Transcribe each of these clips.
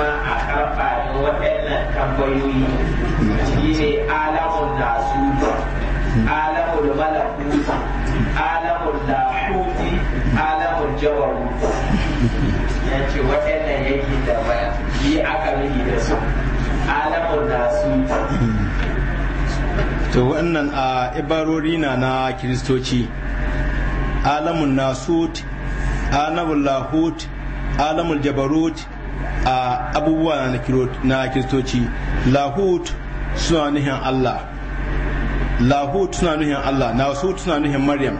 ma a karɓa da waɗannan tambayoyi shi ne alamun nasu alamun malakuta alamun lahuti alamun jawaruta ya ce waɗannan yake da baya yi aka miki da su alamun nasu to wannan a ibarori na na kiristoci alamun nasut alamun lahut alamun jabarut a abubuwa na kiristoci lahut suna nuhin Allah lahut suna nuhin Allah nasu suna nuhin maryam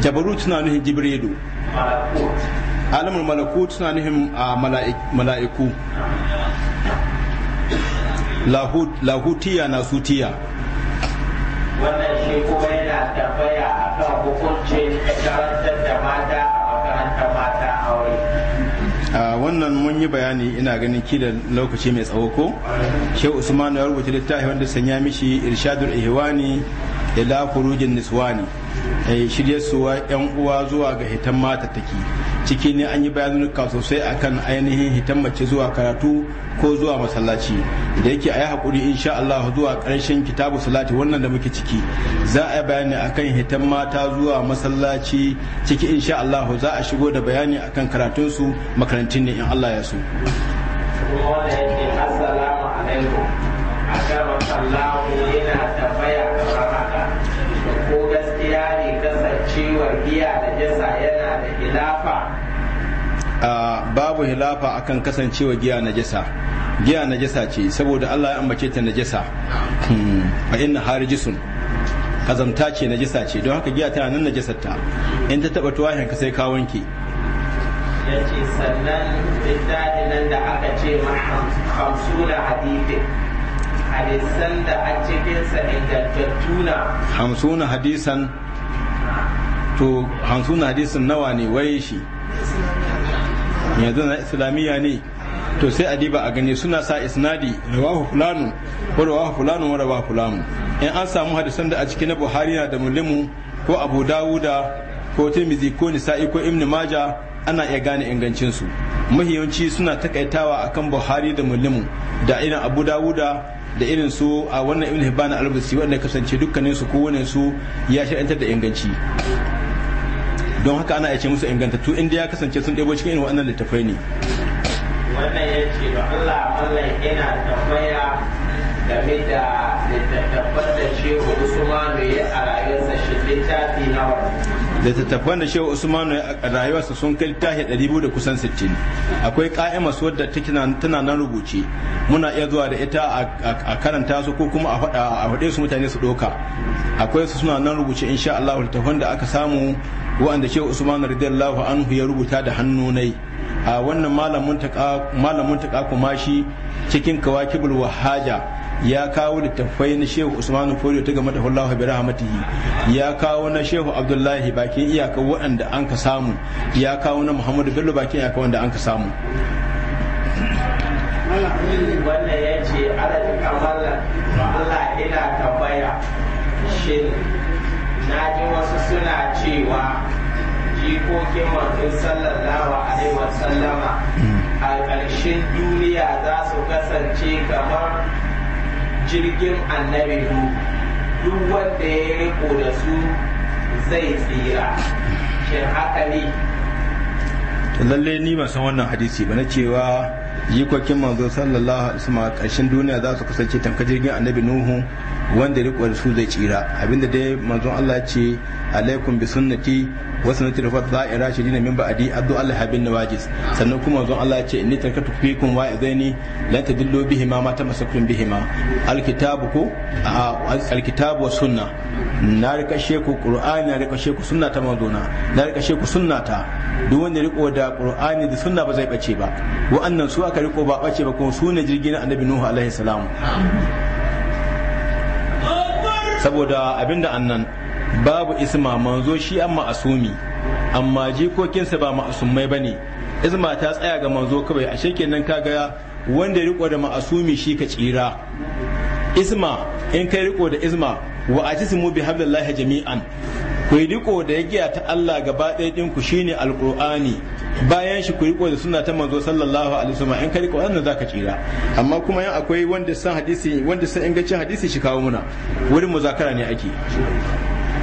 jabarut suna nuhin jibrilu alamar malaku suna nuhin mala'iku lahutiya na sutiya wannan shi kuma yana a akan hukuncin karantar wannan mun yi bayani ina ganin ki da lokaci mai tsawo ko shi usman ya rubuta littafi wanda sanya mishi irshadul ihwani ila khurujin niswani eh, shirye suwa yan uwa zuwa ga hitan matattaki ciki ne an yi bayanuka sosai akan ainihin hitan mace zuwa karatu ko zuwa masallaci da yake a yi haƙuri insha Allah zuwa ƙarshen kitabu salati wannan da muke ciki za a yi bayani akan hitan mata zuwa masallaci ciki insha Allah za a shigo da bayani akan karatunsu makarantun ne in Allah ya so. ko giya da jasa babu hilafa akan kasancewa giya najasa giya najasa ce saboda Allah ya ambace ta najasa hmm. fa inna harijisun kazamta ce najasa ce don haka giya tana nan najasar ta in ta taba tuwahin ka sai ka wanke ya ce sannan littafi nan da aka ce ma hamsuna hadithin hadisan da a cikinsa ingantattuna hamsuna hadisan to hamsuna hadisan nawa ne waye shi yanzu na islamiyya ne to sai a diba a gani suna sa isnadi rawahu fulanu wa rawahu fulanu wa rawahu fulanu in an samu hadisan da a ciki na buhari na da mulimu ko abu dawuda ko tirmidhi ko nisa'i ko ibn maja ana iya gane ingancin su suna takaitawa akan buhari da mulimu da irin abu dawuda da irin su a wannan ibn hibban al-busi wanda kasance dukkanin su kowane su ya sha'antar da inganci don haka ana ce musu ingantattu inda ya kasance sun ɗebo cikin wannan waɗannan littafai ne wannan ya ce ba Allah mallan ina tambaya game da littattafan da shehu Usmanu ya a rayuwarsa shi littafi nawa littattafan da shehu Usmanu ya a rayuwarsa sun kai littafi ɗari biyu da kusan sittin akwai ƙa'ima su wadda tana nan rubuce muna iya zuwa da ita a karanta su ko kuma a faɗe su mutane su ɗauka akwai su suna nan rubuce insha Allah littattafan da aka samu wa'anda shehu usman radiyallahu anhu ya rubuta da hannunai a wannan malamin ta kuma shi cikin kawakibul wahaja ya kawo littattafai na shehu usman fodio ta game da hullahu bi rahmatihi ya kawo na shehu abdullahi bakin iyaka waɗanda an ka samu ya kawo na muhammadu bello bakin iyaka wanda an ka samu wannan ya ce Allah ina tambaya shi na ji wasu suna cewa jikokin manzon sallallahu alaihi wasallama a ƙarshen duniya za su kasance kamar jirgin annabi duk wanda ya riko da su zai tsira shin haka ne lalle ni ban san wannan hadisi ba na cewa jikokin manzo sallallahu alaihi wasallam ƙarshen duniya za su kasance tanka jirgin annabi nuhu wanda riko su zai tsira abinda dai manzon Allah ce alaikum bi sunnati wasu na tirfa za'ira shi dina min ba'adi abdu Allah habin wajis sannan kuma zon Allah ya ce inni tarkatu fikum wa zaini lan dillo bihi ma bihi ma. alkitabu ko alkitabu wa sunna na rika sheku qur'ani na rika sheku sunna ta manzona na rika sheku sunna ta duk wanda riko da qur'ani da sunna ba zai bace ba wa'annan su aka riko ba bace ba kuma su ne jirgin annabi nuhu alaihi salam saboda abinda annan babu isma manzo shi an ma'asumi amma jikokinsa ba ma'asumai ba ne isma ta tsaya ga manzo kawai ashe kenan kaga wanda riko da ma'asumi shi ka tsira isma in kai riko da isma wa ajisimu bi hablillahi jami'an ku riko da ya giya ta Allah gaba ɗaya ɗinku ku shine alqur'ani bayan shi ku riko da sunna ta manzo sallallahu alaihi wasallam in kai riko wannan zaka tsira amma kuma yan akwai wanda san hadisi wanda san ingancin hadisi shi kawo muna wurin muzakara ne ake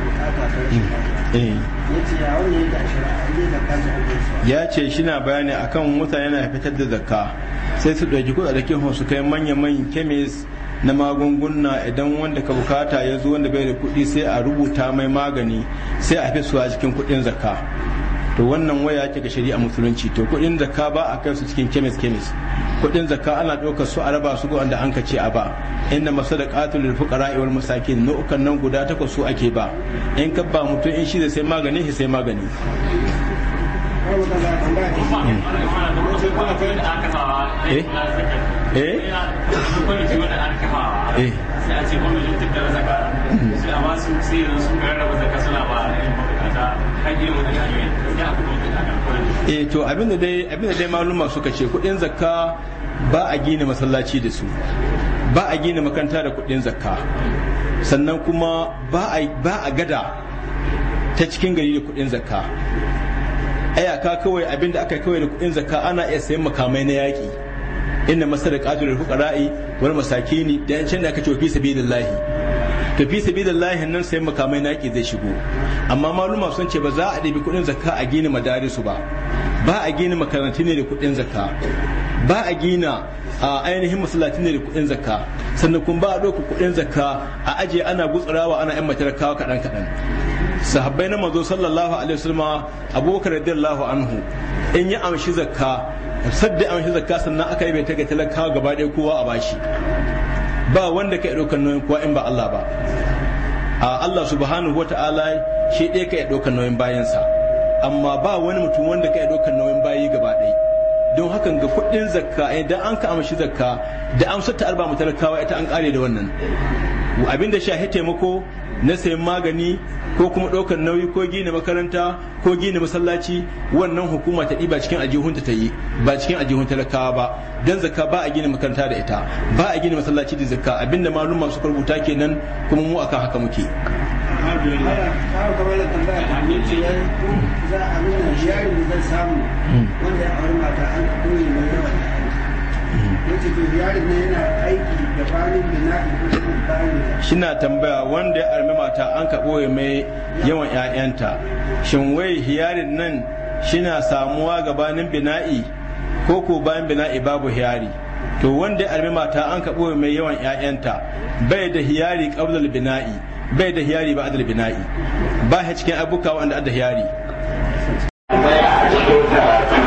Hmm. Eh. ya ce shi na bayani akan mutane na fitar da zakka sai su ɗauki kuɗaɗen su kai manya-manyan kemis na magunguna idan wanda ka bukata ya zo wanda bai da kuɗi sai a rubuta mai magani sai a fi suwa a cikin kuɗin zakka to wannan waya ke ga shari'a musulunci to kuɗin zakka ba a kansu cikin kemis kemis kuɗin zakka ana ɗaukar su a raba su ga wanda an ce a ba inna masadaqatu lil fuqara wal masakin nau'ukan nan guda takwas su ake ba in ka ba mutum in shi da sai magani sai magani eh eh eh, eh? E, to abinda dai abinda dai maluma suka ce kudin zakka ba a gina masallaci da su ba a gina makanta da kudin zakka sannan kuma ba a gada ta cikin gari da kudin zakka ayaka kawai abinda aka kawai da kudin zakka ana iya sayan makamai na yaƙi inna masarar da ƙatul fuqara'i wal masakini da yancin da aka ce fi tafi lahi nan sai makamai naki zai shigo amma maluma sun ce ba za a ɗabi kuɗin zakka a gina madarisu ba ba a gina makarantu ne da kuɗin zakka ba a gina a ainihin masallaci ne da kuɗin zakka sannan kuma ba a ɗauka kuɗin zakka a aje ana gutsurawa ana yan matarkawa kaɗan kaɗan sahabbai na mazo sallallahu alaihi wasallam abubakar radiyallahu anhu in ya amshi zakka sadda amshi zakka sannan aka yi bai taga talakawa gaba ɗaya kowa a bashi ba wanda ka ɗaukar nauyin kowa in ba Allah ba a Allah subhanahu wa ta'ala shi ɗaya ka ɗaukar nauyin bayansa amma ba wani mutum wanda ka ɗaukar nauyin bayi gaba ɗaya don hakan ga kuɗin zakka idan eh, an ka amshi zakka da amsar ta arba talakawa ita an kare da wannan abinda shahe taimako na sayan magani ko kuma ɗaukar nauyi ko gina makaranta ko gina masallaci wannan hukuma ta ɗiba cikin ajihunta ta yi ba cikin ajihun talakawa ba don zakka ba a gina makaranta da ita ba a gina masallaci da zakka abinda malum masu karbuta kenan kuma mu aka haka muke za a samu an mai yace to yana aiki shina tambaya wanda ya armi mata an ka boye mai yawan ƴaƴanta shin wai hiyarin nan shina samuwa gabanin bina'i ko ko bayan bina'i babu hiyari to wanda ya armi mata an ka boye mai yawan ƴaƴanta bai da hiyari qablal bina'i bai da hiyari ba adal bina'i ba cikin abuka wanda adda hiyari